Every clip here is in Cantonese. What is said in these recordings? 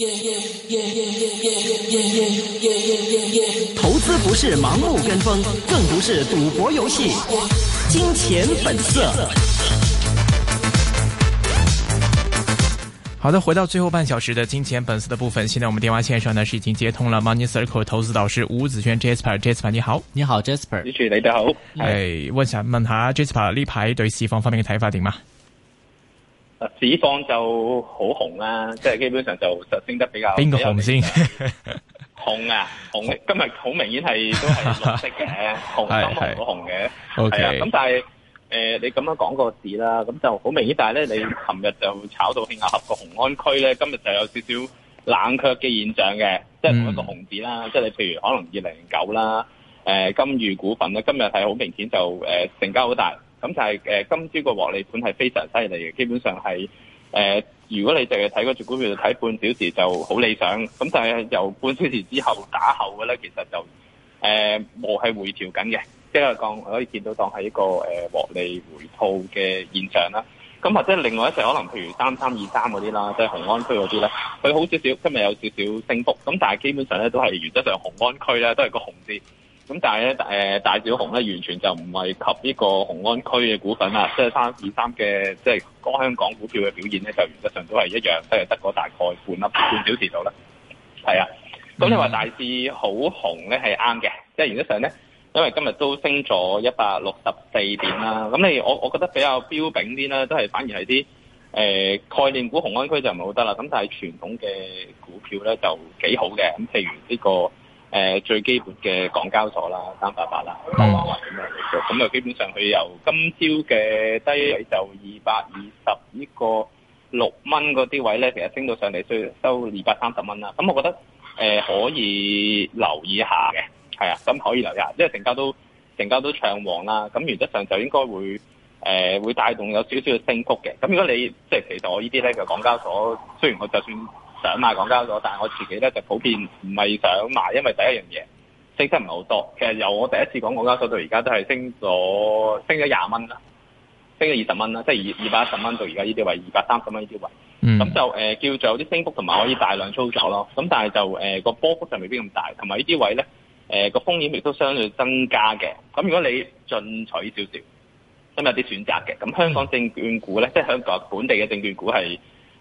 投資不是盲目跟風，更不是賭博遊戲。金錢本色。好的，回到最後半小時的金錢本色的部分。現在我們電話線上呢是已經接通了 Money Circle 投資導師吳子軒 Jasper。Jasper，你好，你好。Jasper，李叔，你好。哎，問一下孟哈，Jasper，呢排對市況方面嘅睇法點嘛？啊，市況就好紅啦，即係基本上就就升得比較。邊個紅先？紅啊，紅今日好明顯係都係綠色嘅，紅都唔好紅嘅。係啊，O K，咁但係誒，你咁樣講個市啦，咁就好明顯。但係咧，你琴日就炒到配合個雄安區咧，今日就有少少冷卻嘅現象嘅，即係同一個紅字啦。即係你譬如可能二零零九啦，誒金隅股份咧，今日係好明顯就誒成交好大。咁就係誒今朝個獲利盤係非常犀利嘅，基本上係誒、呃、如果你淨係睇嗰隻股票就睇半小時就好理想。咁但係由半小時之後打後嘅咧，其實就誒冇係回調緊嘅，即係講可以見到當係一個誒、呃、獲利回吐嘅現象啦。咁或者另外一隻可能譬如三三二三嗰啲啦，即係雄安區嗰啲咧，佢好少少今日有少少升幅，咁但係基本上咧都係原則上雄安區咧都係個紅字。咁但係咧、呃，大小紅咧完全就唔係及呢個紅安區嘅股份啦，即係三二三嘅，即係嗰香港股票嘅表現咧，就原則上都係一樣，都係得個大概半粒半小時到啦。係啊，咁你話大市好紅咧係啱嘅，即係原則上咧，因為今日都升咗一百六十四點啦。咁你我我覺得比較標炳啲啦，都係反而係啲誒概念股紅安區就唔好得啦。咁但係傳統嘅股票咧就幾好嘅，咁譬如呢、這個。誒、呃、最基本嘅港交所啦，三百八啦，咁樣嘅啫。咁就基本上佢由今朝嘅低位就二百二十呢個六蚊嗰啲位咧，其實升到上嚟，收收二百三十蚊啦。咁我覺得誒、呃、可以留意一下嘅，係啊，咁可以留意下，因為成交都成交都暢旺啦。咁原則上就應該會誒、呃、會帶動有少少嘅升幅嘅。咁如果你即係其實我呢啲咧，就港交所雖然我就算。想買港交所，但係我自己咧就普遍唔係想買，因為第一樣嘢升得唔係好多。其實由我第一次講港交所到而家都係升咗升咗廿蚊啦，升咗二十蚊啦，即係二二百一十蚊到而家呢啲位二百三十蚊呢啲位。咁、嗯、就、呃、叫做有啲升幅同埋可以大量操作咯。咁但係就個、呃、波幅就未必咁大，同埋呢啲位咧個風險亦都相對增加嘅。咁如果你進取少少，咁有啲選擇嘅。咁香港證券股咧，即係香港本地嘅證券股係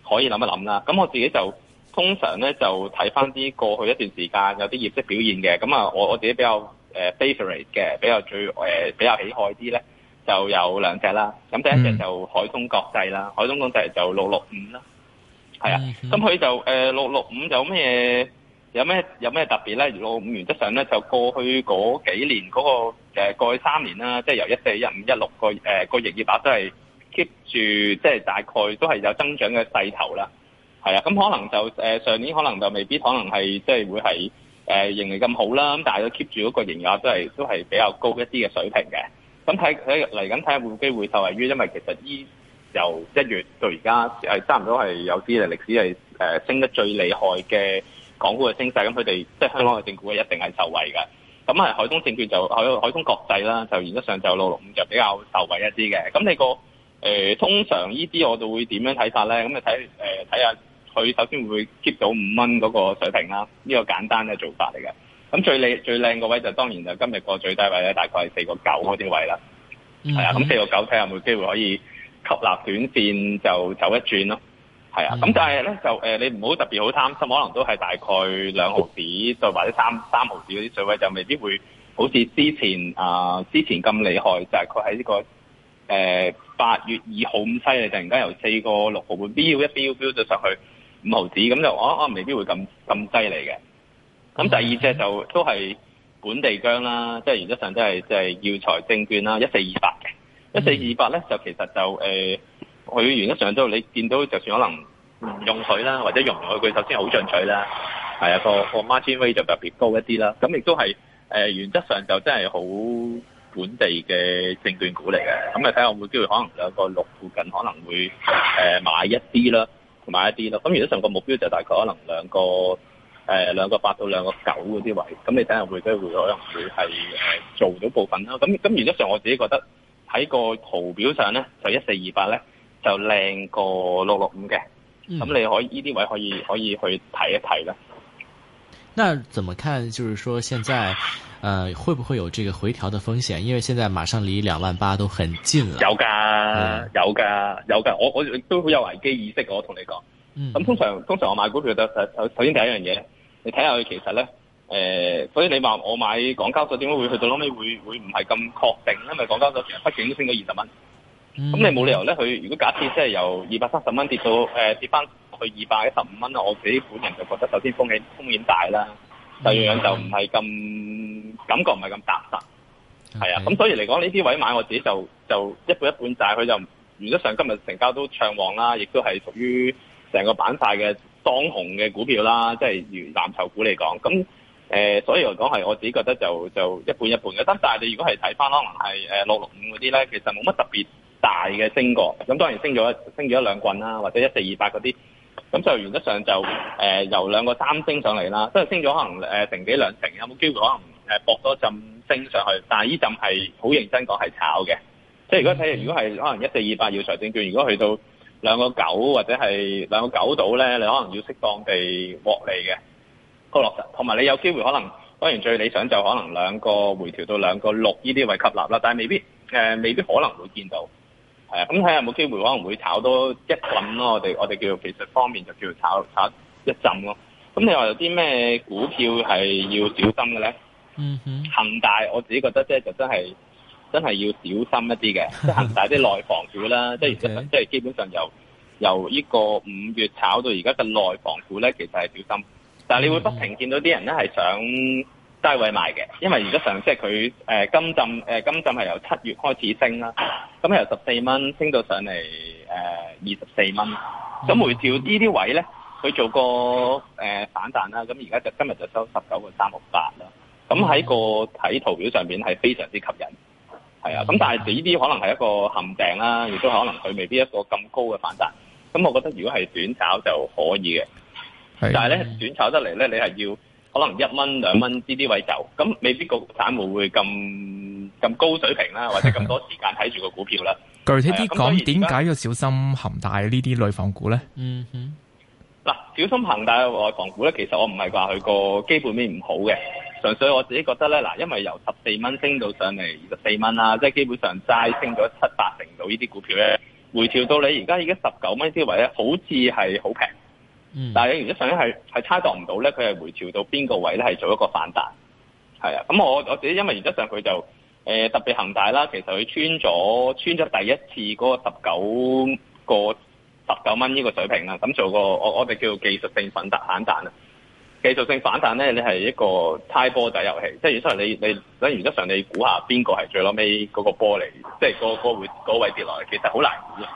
可以諗一諗啦。咁我自己就。通常咧就睇翻啲過去一段時間有啲業績表現嘅，咁啊，我我自己比較 favourite 嘅，比、呃、較最、呃、比較喜愛啲咧，就有兩隻啦。咁第一隻就海通國際啦，mm. 海通國際就六六五啦，係啊。咁佢 Okay. 就誒六六五就咩？有咩有咩特別咧？六五原則上咧，就過去嗰幾年嗰、那個誒、呃、過去三年啦，即、就、係、是、由一四一五一六個誒、呃、營業額都係 keep 住，即、就、係、是、大概都係有增長嘅勢頭啦。係啊，咁可能就上年可能就未必可能係即係會係誒盈利咁好啦，咁但係都 keep 住嗰個營業額都係都係比較高一啲嘅水平嘅。咁睇睇嚟緊睇下會唔會機會受惠於，因為其實依由一月到而家係差唔多係有啲誒歷史係升得最厲害嘅港股嘅升勢，咁佢哋即係香港嘅證股一定係受惠嘅。咁係海通證券就海海通國際啦，際就原則上就六六五就比較受惠一啲嘅。咁你個、呃、通常就呢啲我哋會點樣睇法咧？咁你睇睇下。呃，看看佢首先會 keep 到五蚊嗰個水平啦，呢、呢個簡單嘅做法嚟嘅。咁最靚最靚個位就是、當然就今日個最低位咧，大概係四個九嗰啲位啦。係啊、mm，咁四個九睇下有冇機會可以吸納短線就走一轉咯。係啊，咁、mm hmm。但係咧就、呃、你唔好特別好貪心，可能都係大概兩毫子，就或者三三毫子嗰啲水位就未必會好似之前啊、呃、之前咁厲害，就係佢喺呢個誒八、呃、月二號咁犀利，突然間由四個六毫半飆一飆飆咗上去。五毫紙咁就，我我未必會咁咁低嚟嘅。咁第二隻就都係本地薑啦，即、就、係、是、原則上都係即係耀才證券啦，一四二八嘅。Mm hmm. 一四二八咧就其實就誒，佢、呃、原則上都你見到，就算可能唔用佢啦，或者用唔用佢，佢首先好進取啦，係一、啊、個個 Margin Rate 就特別高一啲啦。咁亦都係誒、呃，原則上就真係好本地嘅證券股嚟嘅。咁你睇下有冇機會可能兩個六附近可能會誒、呃、買一啲啦。買一啲，咁原則上個目標就大概可能兩個、兩個八到兩個九嗰啲位，咁你睇下會唔會可能會係做到部分啦。咁咁原則上我自己覺得喺個圖表上咧就一四二八咧就靚過六六五嘅，咁你可以呢啲位可以可以去睇一睇啦。那怎麼看？就是說現在，呃，會不會有這個回調的風險？因為現在馬上離兩萬八都很近了。有噶的、呃，有噶，有噶。我我都好有危機意識的，我同你講。咁、嗯、通常通常我買股票，頭首先第一樣嘢，你睇下佢其實呢。誒、呃，所以你話我買港交所，點解會去到後尾會會唔係咁確定？因為港交所其實畢竟都升咗二十蚊。咁、嗯、你冇理由呢？佢如果假設即係由二百三十蚊跌到誒、呃、跌翻。佢二百一十五蚊，我自己本人就覺得首先風險風險大啦，第二樣就唔係咁感覺唔係咁踏實，係啊 Okay.。咁所以嚟講呢啲位買我自己就就一半一半債，但係佢就原則上今日成交都暢旺啦，亦都係屬於成個板塊嘅當紅嘅股票啦，即係如藍籌股嚟講。咁誒、呃，所以嚟講係我自己覺得就就一半一半嘅。但係你如果係睇翻可能係誒六六五嗰啲咧，其實冇乜特別大嘅升過。咁當然升咗升咗一,一兩棍啦，或者一四二八嗰啲。咁就原則上就、呃、由兩個三升上嚟啦，即係升咗可能誒、呃、成幾兩成，有冇機會可能誒博、呃、多陣升上去？但係呢陣係好認真講係炒嘅，嗯、即係如果睇，如果係可能一四二八耀才證券，如果去到兩個九或者係兩個九到咧，你可能要適當地獲利嘅個落實，同埋你有機會可能當然最理想就可能兩個回調到兩個六呢啲位吸納啦，但係未必、呃、未必可能會見到。係啊，咁睇下有冇機會可能會炒多一陣咯，我哋我哋叫做技術方面就叫做炒炒一陣咯。咁、嗯嗯嗯、你話有啲咩股票係要小心嘅咧？恒、嗯嗯嗯、大我自己覺得即係就真係真係要小心一啲嘅，即係恒大啲、就是、內房股啦，Okay. 即係即係基本上由由呢個五月炒到而家嘅內房股咧，其實係小心，但係你會不停見到啲人咧係想低位賣嘅，因為而家上即係佢誒金針，誒、呃、金針係由七月開始升啦，咁由十四蚊升到上嚟誒二十四蚊，咁、呃、回調呢啲位咧，佢做過誒、呃、反彈啦，咁而家就今日就收十九個三六八啦，咁喺個睇圖表上面係非常之吸引，係啊，咁但係呢啲可能係一個陷阱啦，亦都可能佢未必一個咁高嘅反彈，咁我覺得如果係短炒就可以嘅，的但係咧短炒得嚟咧，你係要。可能一蚊兩蚊呢啲位就咁，未必個散戶會咁咁高水平啦，或者咁多時間睇住個股票啦。 的具體啲講，點解要小心恒大呢啲內房股咧？嗯哼，嗱、啊，小心恒大嘅內房股咧，其實我唔係話佢個基本面唔好嘅，純粹我自己覺得咧，嗱，因為由十四蚊升到上嚟二十四蚊啦，即、就、係、是就是、基本上齋升咗七八成度呢啲股票咧，回調到你而家已經十九蚊啲位咧，好似係好平。嗯、但係，原則上咧係係猜度唔到咧，佢係回調到邊個位咧，係做一個反彈，係啊。咁我我自己因為原則上佢就誒、呃、特別恒大啦，其實佢穿咗穿咗第一次嗰個十九個十九蚊呢個水平啦，咁做個我我哋叫技術性反彈反彈啦。技術性反彈咧，你係一個猜波仔遊戲，即係原則你你原則上你估下邊個係最攞尾嗰個波嚟，即係個個會個位跌落嚟，其實好難估咯。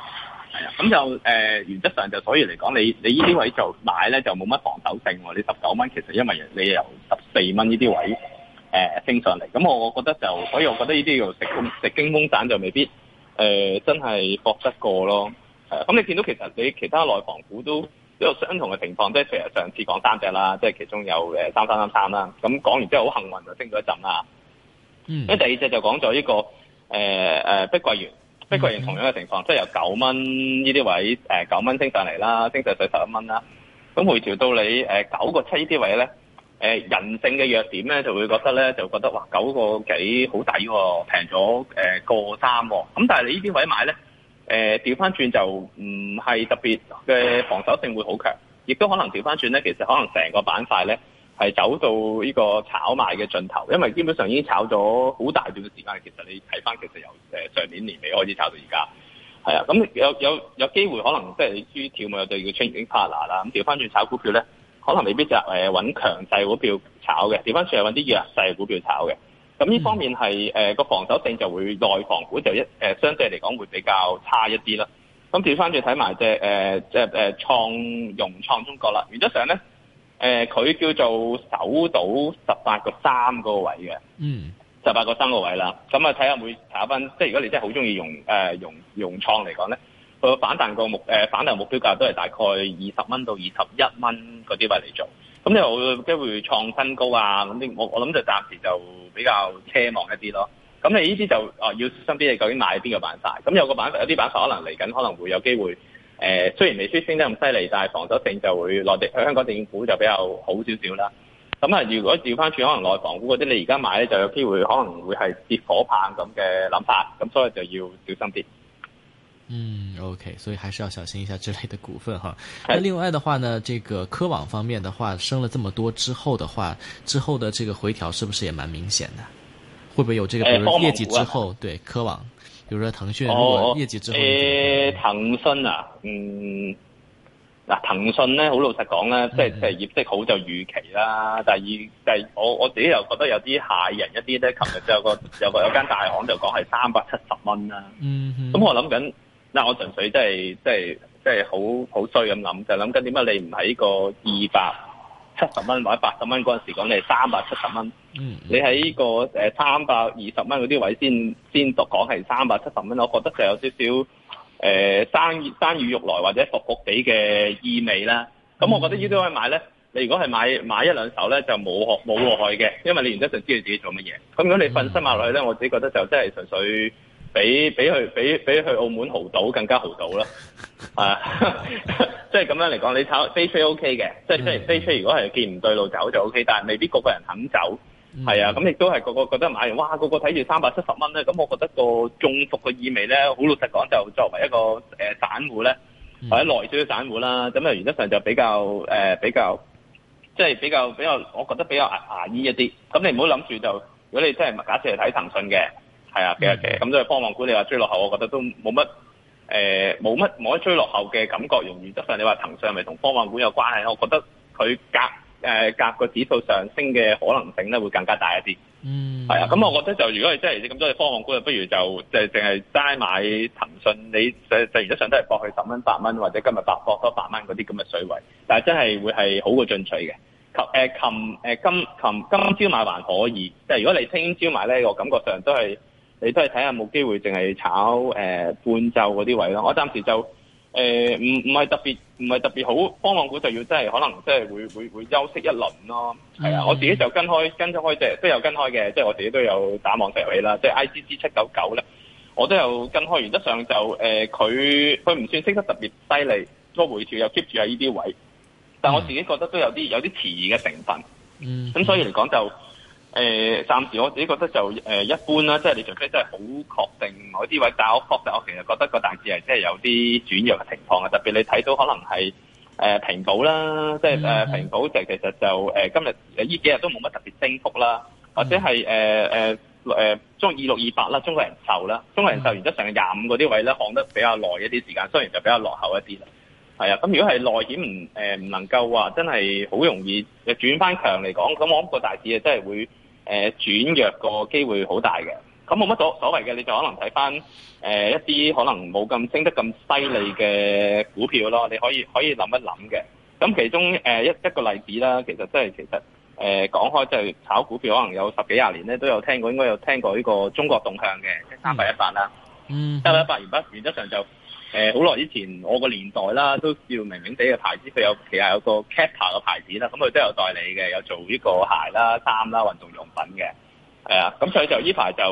係啊，咁就誒、呃，原則上就所以嚟講，你你呢啲位就買咧，就冇乜防守性喎。你十九蚊，其實因為你由十四蚊呢啲位誒、呃、升上嚟，咁我我覺得就，所以我覺得呢啲要食食驚風散就未必誒、呃、真係搏得過咯。咁、呃、你見到其實你其他內房股都有相同嘅情況，即係其實上次講三隻啦，即係其中有誒三三三三啦，咁講完之後好幸運就升咗一陣啦。嗯，咁第二隻就講咗呢個誒、呃、碧桂園。碧桂園同樣嘅情況，即係由九蚊呢啲位，誒九蚊升上嚟啦，升上水十一蚊啦。咁回調到你誒九個七呢啲位咧，誒、呃、人性嘅弱點咧就會覺得咧就覺得哇九個幾好抵喎，平咗誒個三喎、哦。咁但係你呢啲位買咧，誒調翻轉就唔係特別嘅防守性會好強，亦都可能調翻轉咧，其實可能成個板塊咧。係走到呢個炒賣嘅盡頭，因為基本上已經炒咗好大段嘅時間。其實你睇翻，其實由上年年尾開始炒到而家，係啊。咁有有有機會可能即係你於跳舞對象已經 partner 啦。咁調翻轉炒股票咧，可能未必就誒揾強勢股票炒嘅，調翻轉係揾啲弱勢股票炒嘅。咁呢方面係個、嗯呃、防守性就會內房股就一、呃、相對嚟講會比較差一啲啦。咁調翻轉睇埋即係即係創融、呃、融創中國啦。原則上咧。誒，佢、呃、叫做守到十八個三個位嘅，嗯，十八個三個位啦。咁啊，睇下會查下翻，即係如果你真係好中意用誒、呃、用用融創嚟講咧，個反彈個目、呃、反彈目標價都係大概二十蚊到二十一蚊嗰啲位嚟做。咁你有機會創新高啊？咁啲我我諗就暫時就比較奢望一啲咯。咁你呢啲就、啊、要小心你究竟買邊個板塊？咁有個板塊，有啲板塊可能嚟緊，可能會有機會。誒、呃、雖然未算升得咁犀利，但係防守性就會內地香港政府就比較好少少啦。咁、嗯、啊，如果調翻轉可能內房股嗰啲，你而家買呢，就有機會可能會係接火棒咁嘅諗法，咁所以就要小心啲。嗯，OK，所以還是要小心一下這類的股份哈。的那另外的話呢，這個科網方面的話升了這麼多之後的話，之後的這個回調是不是也蠻明顯的？會不會有這個、呃、比如業績之後對科網？比如話騰訊業績、哦、誒騰訊啊，嗯，嗱騰訊咧，好老實講啦，即係即係業績好就預期啦。第二、哎哎，第我我自己又覺得有啲吓人一啲咧。琴日有個 有個有間大行就講係三百七十蚊啦。嗯哼，咁我諗緊，嗱我純粹即係即係即係好好衰咁諗，就諗緊點解你唔喺個二百？七十蚊或者八十蚊嗰陣時講你係三百七十蚊，你喺呢個三百二十蚊嗰啲位先先讀講係三百七十蚊，我覺得就有少少、呃、生生魚肉來或者復復啲嘅意味啦。咁我覺得呢啲可以買咧。你如果係買買一兩手咧，就冇學冇落去嘅，因為你原則上知道自己做乜嘢。咁如果你瞓身落去咧，我自己覺得就真係純粹。比比去，比，比去澳門豪賭更加豪賭啦，係啊，即係咁樣嚟講，你炒飛車 OK 嘅，即係雖然飛車如果係見唔對路走就 OK，但係未必個個人肯走，係、mm hmm. 啊，咁、嗯、亦都係個個覺得買完哇，個個睇住三百七十蚊咧，咁我覺得個中伏嘅意味咧，好老實講就作為一個誒、呃、散戶咧，或者內銷嘅散戶啦，咁啊原則上就比較誒、呃、比較，即係比較比較，我覺得比較牙牙醫一啲，咁你唔好諗住就，如果你真係假設係睇騰訊嘅。 係啊，嘅嘅、嗯，咁所以科網股你話追落後，我、呃追落後是是，我覺得都冇乜，冇乜冇乜追落後嘅感覺。從原則上，你話騰訊係咪同科網股有關係，我覺得佢隔隔個指數上升嘅可能性咧，會更加大一啲。嗯，係啊，咁我覺得就如果係真係咁多嘅科網股，就不如就就淨係齋買騰訊。你誒從原則上都係博佢十蚊八蚊，或者今日百博多八蚊嗰啲咁嘅水位，但係真係會係好過進取嘅。琴、呃呃、今琴今朝買還可以，即、就、係、是、如果你聽朝買咧，我感覺上都係。你都係睇下冇機會，淨係炒誒半週嗰啲位咯。我暫時就誒唔唔係特別唔係特別好，方望股就要真係可能即係會會會休息一輪咯。係啊，mm hmm. 我自己就跟開跟咗開隻，都有跟開嘅，即係我自己都有打網上遊戲啦。即係 I C C 七九九咧，我都有跟開。原則上就誒，佢佢唔算升得特別犀利，個回調又 keep 住喺呢啲位，但我自己覺得都有啲有啲遲疑嘅成分。嗯、mm，咁、hmm. 所以嚟講就。誒、呃，暫時我自己覺得就誒、呃、一般啦，即係你除非真係好確定某啲位，但我確係我其實覺得個大市係真係有啲轉弱嘅情況，特別你睇到可能係誒平保啦，即係誒平保就是，其實就誒、呃、今日呢幾日都冇乜特別升幅啦，或者係誒誒誒將二六二八啦，中國人壽啦，中國人壽、mm hmm. 然之後成廿五嗰啲位咧，行得比較耐一啲時間，雖然就比較落後一啲啦，係啊，咁、嗯、如果係內險唔誒唔能夠話真係好容易轉翻強嚟講，咁我覺得個大市啊真係會。誒轉弱個機會好大嘅，咁冇乜所所謂嘅，你就可能睇翻誒一啲可能冇咁升得咁犀利嘅股票咯，你可以可以諗一諗嘅。咁其中誒一一個例子啦，其實即係其實誒講開即係炒股票，可能有十幾廿年咧都有聽過，應該有聽過呢個中國動向嘅，即三百一百啦，三百一百完畢，原則上就。誒好耐以前我個年代啦，都叫明明地嘅牌子，佢有旗下有個 Kappa 嘅牌子啦，咁佢都有代理嘅，有做呢個鞋啦、衫啦、運動用品嘅，係啊，咁、嗯、所以就呢排就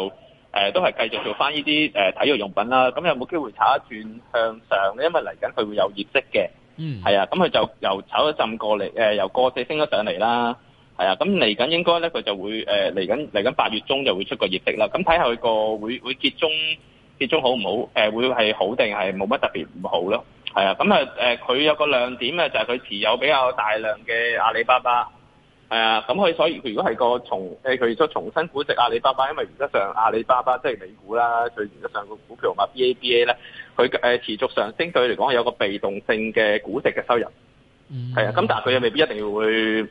誒都係繼續做翻呢啲誒體育用品啦。咁、嗯嗯、有冇機會炒一轉向上咧？因為嚟緊佢會有業績嘅，嗯，係啊，咁佢就又炒咗一浸過嚟，誒、呃、由個四升咗上嚟啦，係啊，咁嚟緊應該咧佢就會誒嚟緊嚟緊八月中就會出個業績啦。咁睇下佢個會會結中。始終好唔好？呃、會係好定係冇乜特別唔好咯？係啊，咁、嗯、佢、嗯、有個亮點嘅就係佢持有比較大量嘅阿里巴巴。係啊，咁佢所以如果係個重佢再重新估值阿里巴巴，因為原則上阿里巴巴即係美股啦，佢原則上個股票同埋 BABA 咧，佢持續上升，對佢嚟講係有個被動性嘅估值嘅收入。係、嗯、啊，咁、嗯嗯、但係佢又未必一定要會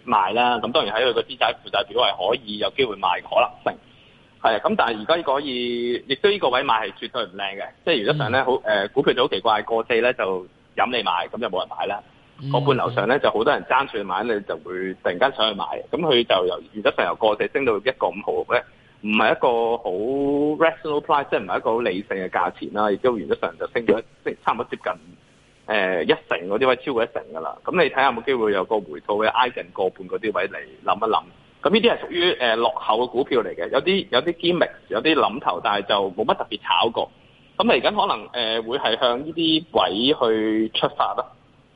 賣啦。咁當然喺佢個資產負債表係可以有機會賣可能性。嗯嗯係啊咁，但係而家可以，亦都依個位買係絕對唔靚嘅，即係原則上咧，嗯、好誒、呃、股票就好奇怪，過四咧就飲你買，咁就冇人買啦。個、嗯、半樓上咧、嗯、就好多人爭住去買，你就會突然間上去買，咁佢就由原則上由過四升到號一個五毫咧，唔、就、係、是、一個好 rational price，即係唔係一個好理性嘅價錢啦。亦都原則上就升咗，即係差唔多接近誒、呃、一成嗰啲位，超過一成噶啦。咁你睇下有冇機會有個回吐嘅挨近過半嗰啲位嚟諗一諗。咁呢啲係屬於、呃、落後嘅股票嚟嘅，有啲有啲 gaming，有啲諗頭，但係就冇乜特別炒過。咁嚟緊可能、呃、會係向呢啲位去出發啦。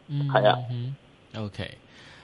嗯，係啊。嗯。OK.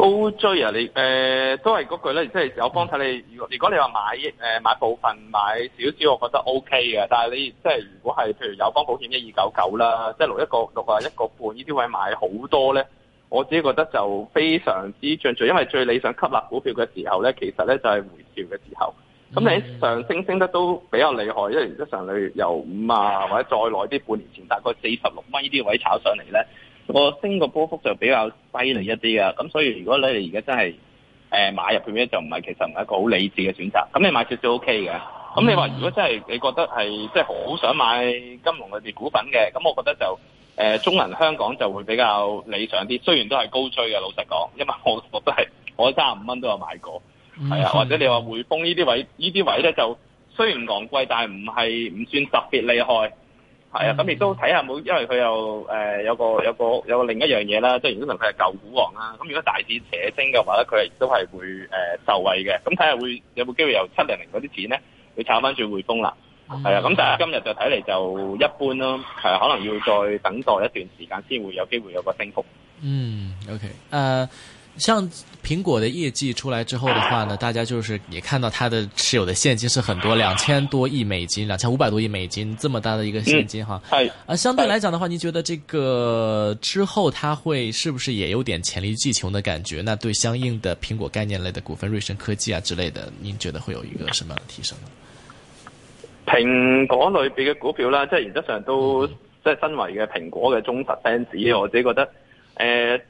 都追啊！你誒、呃、都係嗰句咧，即係友邦睇你。如果如果你話買、呃、買部分買少少，我覺得 O K 嘅。但係你即係如果係譬如友邦保險一二九九啦，即係六一個六啊一個半呢啲位買好多咧，我自己覺得就非常之進取，因為最理想吸納股票嘅時候咧，其實咧就係回調嘅時候。咁、嗯、你上升升得都比較厲害，一如果上去由五啊，或者再耐啲半年前大概四十六蚊呢啲位炒上嚟咧。個升個波幅就比較犀利一啲啊，咁所以如果你哋而家真係、呃、買入去咧，就唔係其實唔係一個好理智嘅選擇。咁你買少少 O K 嘅，咁你話如果真係你覺得係即係好想買金融嗰啲股份嘅，咁我覺得就、呃、中銀香港就會比較理想啲。雖然都係高追嘅，老實講，因為我覺得係我三十五蚊都有買過，係啊、嗯，的或者你話匯豐呢啲位呢啲位咧，就雖然昂貴，但係唔係唔算特別厲害。係啊，咁亦都睇下冇，因為佢又、呃、有個有個有個，有個另一樣嘢啦，即係原本佢係舊股王啦。咁如果大市扯升嘅話咧，佢亦都係會誒、呃、受惠嘅。咁睇下會有冇機會由七零零嗰啲錢咧，去炒翻轉匯豐啦。係啊，咁但係今日就睇嚟就一般咯，係可能要再等待一段時間先會有機會有個升幅。嗯，OK，誒、uh。像蘋果的業績出來之後的話呢，大家就是也看到它的持有的現金是很多，兩千多億美金，兩千五百多億美金，這麼大的一個現金哈。嗯、啊，是相對來講的話，您覺得這個之後它會是不是也有點黔驢技窮的感覺？那對相應的蘋果概念類的股份，瑞聲科技啊之類的，您覺得會有一個什麼樣的提升？蘋果類別嘅股票啦，即係原則上都、嗯、即係身為嘅蘋果嘅忠實 fans，我自己覺得呃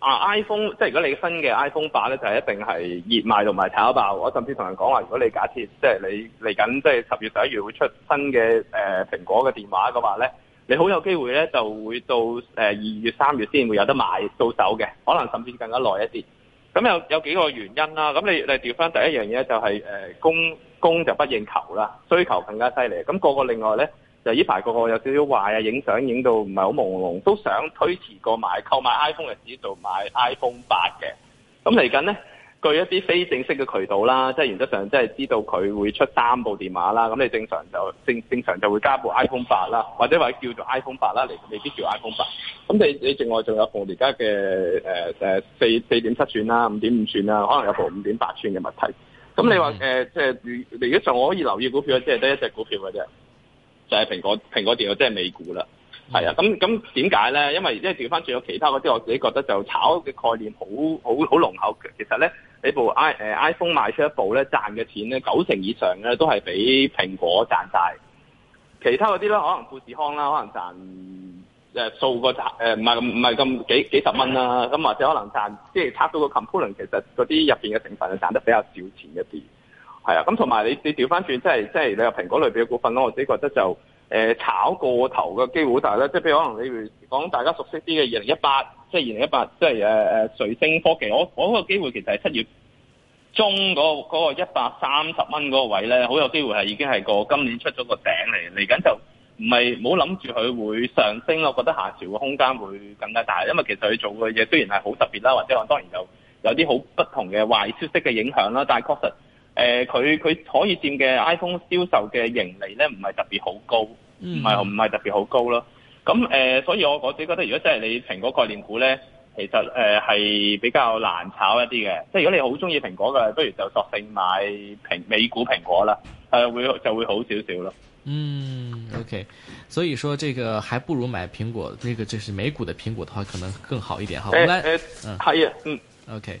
啊！iPhone 即係如果你新嘅 iPhone 版咧，就一定係熱賣同埋炒爆。我甚至同人講話，如果你假設即係你嚟緊即係十月十一月會出新嘅、呃、蘋果嘅電話嘅話咧，你好有機會咧就會到二月三月先會有得買到手嘅，可能甚至更加耐一啲。咁有有幾個原因啦、啊。咁你你調翻第一樣嘢就係誒供供就不應求啦，需求更加犀利。咁、那個個另外咧。呢排個個有少少壞啊，影相影到唔係好朦朧，都想推遲過買，購買 iPhone 嚟指導買 iPhone 八嘅。咁嚟緊呢，據一啲非正式嘅渠道啦，即係原則上即係知道佢會出三部電話啦。咁你正常就正正常就會加部 iPhone 八啦，或者話叫做 iPhone 八啦，嚟未必叫 iPhone 八。咁你你另外仲有部而家嘅誒誒四四點七寸啦，五點五寸啦，可能有部五點八寸嘅物體。咁你話誒即係而而家就我可以留意股票，即係得一隻股票嘅啫。就係蘋果，蘋果跌咗，即係美股啦。係啊，咁咁點解呢？因為即係掉翻轉咗其他嗰啲，我自己覺得就炒嘅概念好好好濃厚嘅。其實呢，你部 i、uh, iPhone 賣出一部呢，賺嘅錢呢，九成以上呢都係俾蘋果賺曬。其他嗰啲呢，可能富士康啦，可能賺、呃、數個差誒，唔係唔係咁幾十蚊啦、啊。咁或者可能賺即係差到個 Component，其實嗰啲入面嘅成分賺得比較少錢一啲。係啊，咁同埋你，你調翻轉，即係即係你話蘋果類別嘅股份咯。我自己覺得就、欸、炒過頭嘅機會大，但係即係譬如可能你如講大家熟悉啲嘅二零一八、即係，即係二零一八，即係誒誒瑞聲科技，我我個機會其實係七月中嗰個一百三十蚊嗰個位咧，好有機會係已經係個今年出咗個頂嚟嚟緊，就唔係冇諗住佢會上升咯。我覺得下調嘅空間會更加大，因為其實佢做嘅嘢雖然係好特別啦，或者我當然有有啲好不同嘅壞消息嘅影響啦，但係確實。誒，佢佢、呃、可以佔嘅 iPhone 銷售嘅盈利咧，唔係特別好高，唔係唔係特別好高咯。咁、嗯、誒、呃，所以我我自己覺得，如果真係你蘋果概念股咧，其實誒係、呃、比較難炒一啲嘅。即係如果你好中意蘋果嘅，不如就索性買蘋美股蘋果啦，誒、呃、會就會好少少咯。嗯，OK。所以說，這個還不如買蘋果，這個就是美股的蘋果的話，可能更好一點哈。誒誒，可以嗯，嗯，OK。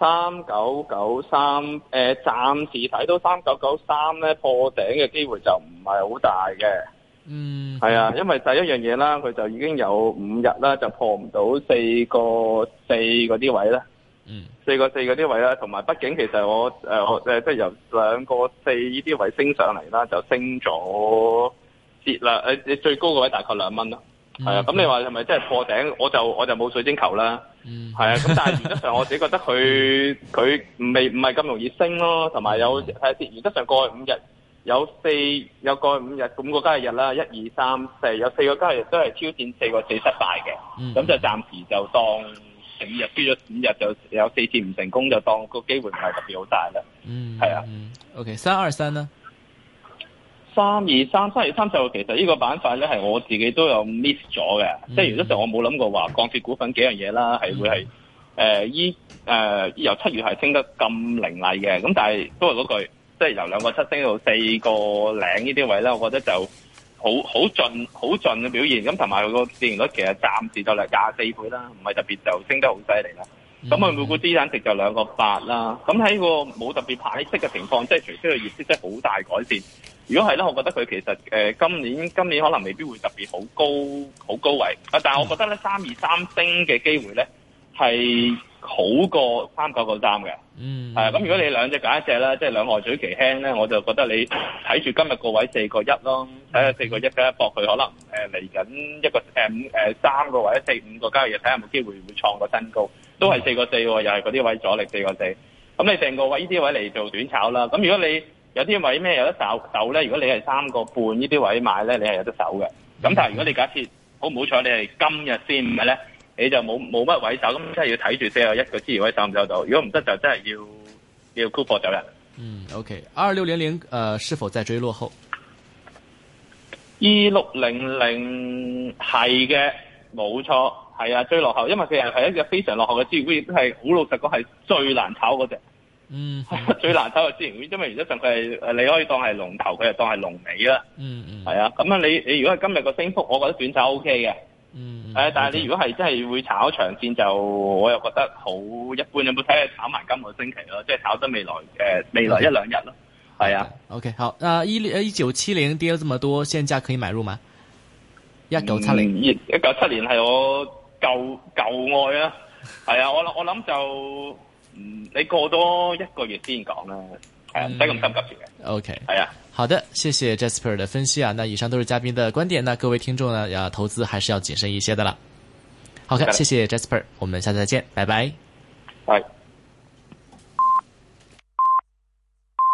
三九九三，呃、暫時睇到三九九三咧破頂嘅機會就唔係好大嘅。嗯，係啊，因為第一樣嘢啦，佢就已經有五日啦，就破唔到四個四嗰啲位啦。嗯，四個四嗰啲位啦，同埋畢竟其實我誒，即係由兩個四呢啲位升上嚟啦，就升咗跌啦，最高個位大概兩蚊啦。係啊，咁你話係咪即係破頂？我就我就冇水晶球啦。嗯，係 啊，咁但係原則上我自己覺得佢佢未唔係咁容易升咯，同埋有睇原則上過去五日有四有過去五日五個交易日，日啦，一二三四有四個交易日，日都係挑戰四個四失敗嘅，咁 就暫時就當成日輸咗五日就有四次唔成功，就當個機會唔係特別好大啦。嗯，係啊。嗯、okay，O K，三二三啦。三二三、三二三就其實個呢個板塊咧，係我自己都有 miss 咗嘅。嗯嗯、即係如果我冇諗過話鋼鐵股份幾樣嘢啦，係會係誒依誒由七月係升得咁凌厲嘅。咁但係都係嗰句，即係由兩個七升到四個零呢啲位咧，我覺得就好好盡好盡嘅表現。咁同埋佢個市盈率其實暫時就係廿四倍啦，唔係特別就升得好犀利啦。咁啊、嗯，嗯、每股資產值就兩個八啦。咁喺個冇特別派息嘅情況，即係除非佢業績真係好大改善。如果係咧，我覺得佢其實、呃、今年今年可能未必會特別好高好高位啊，但係我覺得咧三二三升嘅機會咧係好過三九個三嘅。嗯、mm，hmm. 啊，咁如果你兩隻揀一隻啦，即係兩外嘴期輕咧，我就覺得你睇住今日、mm hmm. 呃個，呃、個位四個一咯，睇下四個一一搏佢可能嚟緊一個三個或者四五個交易日睇下有冇機會會創個新高，都係四個四，又係嗰啲位阻力四個四。咁你成個位呢啲位嚟做短炒啦。咁、啊、如果你有啲位咩有得走走咧？如果你係三個半呢啲位買咧，你係有得走嘅。咁但係如果你假設好唔好彩，嗯、你係今日先嘅咧，你就冇冇乜位走，咁真係要睇住先啊！一個字位走唔走到？如果唔得就真係要要 cut 波走人。嗯，OK，二六零零，呃，是否在追落後？二六零零係嘅，冇錯，係啊，追落後，因為佢係係一個非常落後嘅資源亦都係好老實講係最難炒嗰隻。嗯， 最難炒嘅資源，因為原則上佢係你可以當係龍頭，佢又當係龍尾啦、嗯。嗯嗯，係啊，咁你你如果係今日個升幅，我覺得短炒 O K 嘅。嗯嗯，但係你如果係真係會炒長線就，就我又覺得好一般。有冇睇下炒埋今個星期咯，即、就、係、是、炒得未來嘅、呃、未來一兩日咯。係 Okay. 啊，O、okay. K，、okay. 好。啊，一零一九七零跌咗這麼多，現價可以買入嗎？一九七零，一九七零係我舊舊愛啊。係 啊，我我諗就。嗯，你過多一個月先講啦，啊，係唔使咁心急住嘅。OK，係啊，好的，謝謝 Jasper 的分析啊。那以上都是嘉賓的觀點，啊，那各位聽眾呢，要投資還是要謹慎一些的啦。OK，謝謝 Jasper，我們下次再見，拜拜。Bye。